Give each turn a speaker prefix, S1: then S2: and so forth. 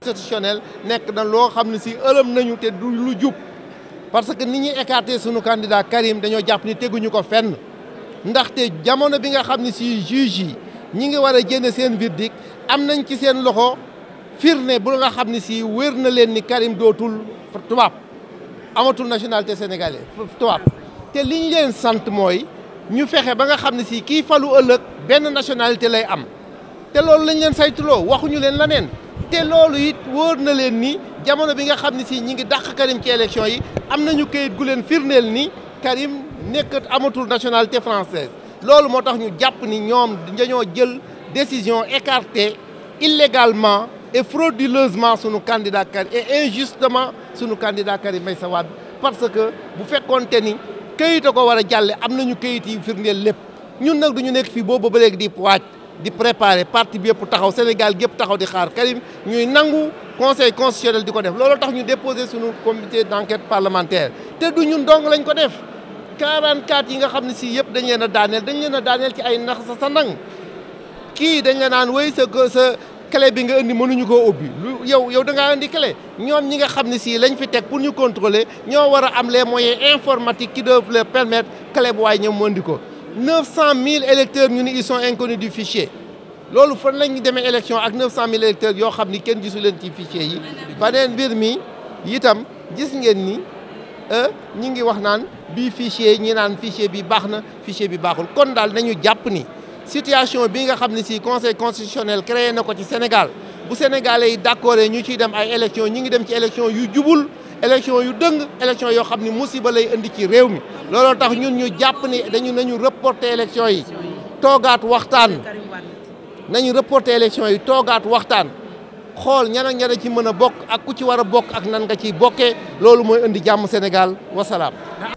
S1: institutionnel nekk na loo xam ne si ëlëm nañu te du lu jub parce que ni ñuy écarté sunu candidat Karim dañoo jàpp ni teguñu ko fenn ndaxte jamono bi nga xam ne si juge yi ñi ngi war a génne seen verdict am nañ ci seen loxo firnde bu nga xam ne si wér na leen ni Karim dootul tubaab amatul nationalité sénégalaise tubaab te li leen sant mooy ñu fexe ba nga xam ne si kii falu ëllëg benn nationalité lay am te loolu lañ leen saytuloo waxuñu leen leneen te loolu it wóor na leen ni jamono bi nga xam ne si ñi ngi dàq Karim ci élection yi am nañu kayit gu leen firndeel ni Karim nekkat amatul nationalité française loolu moo tax ñu jàpp ni ñoom dañoo jël décision écartée illégalement et frauduleusement sunu candidat Karim et injustement sunu candidat Karim Meïssa Wade parce que bu fekkoonte ni kayit ko war a jàlle am nañu këyit yi firndeel lépp ñun nag ñu nekk fii boobu ba léegi di waaj di préparer parti bi yëpp taxaw Sénégal gépp taxaw di xaar Karim ñuy nangu conseil constitutionnel di ko def loolu tax ñu déposé suñu comité d'enquête parlementaire te du ñun dong lañ ko def 44 yi nga xam ne sii yëpp dañ leen a daaneel dañ leen a daaneel ci ay nax sa sa nang kii dañ la naan wéy sa sa clé bi nga indi mënuñu koo ubbi lu yow yow da ngaa indi clé ñoom ñi nga xam ne sii lañ fi teg pour ñu contrôler ñoo war am les moyens informatique ki doivent leur permettre clé bu waaye ñoom mu indi ko. 900000 électeurs ñu ni ils sont inconnus du loolu fan lañu demee élection ak 900000 électeurs yoo xam ni kenn gisu leen ci fichier yi. beneen mbir mi itam gis ngeen ni euh, ñi ngi wax naan bii fichier ñi naan fichier bi baax na fichier bi baaxul kon daal nañu jàpp ni. situation bi nga xam ne si conseil constitutionnel créé ne ko ci Sénégal bu sénégalais yi d'accord ñu ciy dem ay élection ñu ngi dem ci élection yu jubul élection yu dëng élection yoo xam ni musiba lay indi ci réew mi looloo tax ñun ñu jàpp ni dañu nañu reporter élection yi toogaat waxtaan nañu reporter élection yi toogaat waxtaan xool ñan ak ñan ci mën a bokk ak ku ci war a bokk ak nan nga ciy bokkee loolu mooy indi jàmm Sénégal wasalaam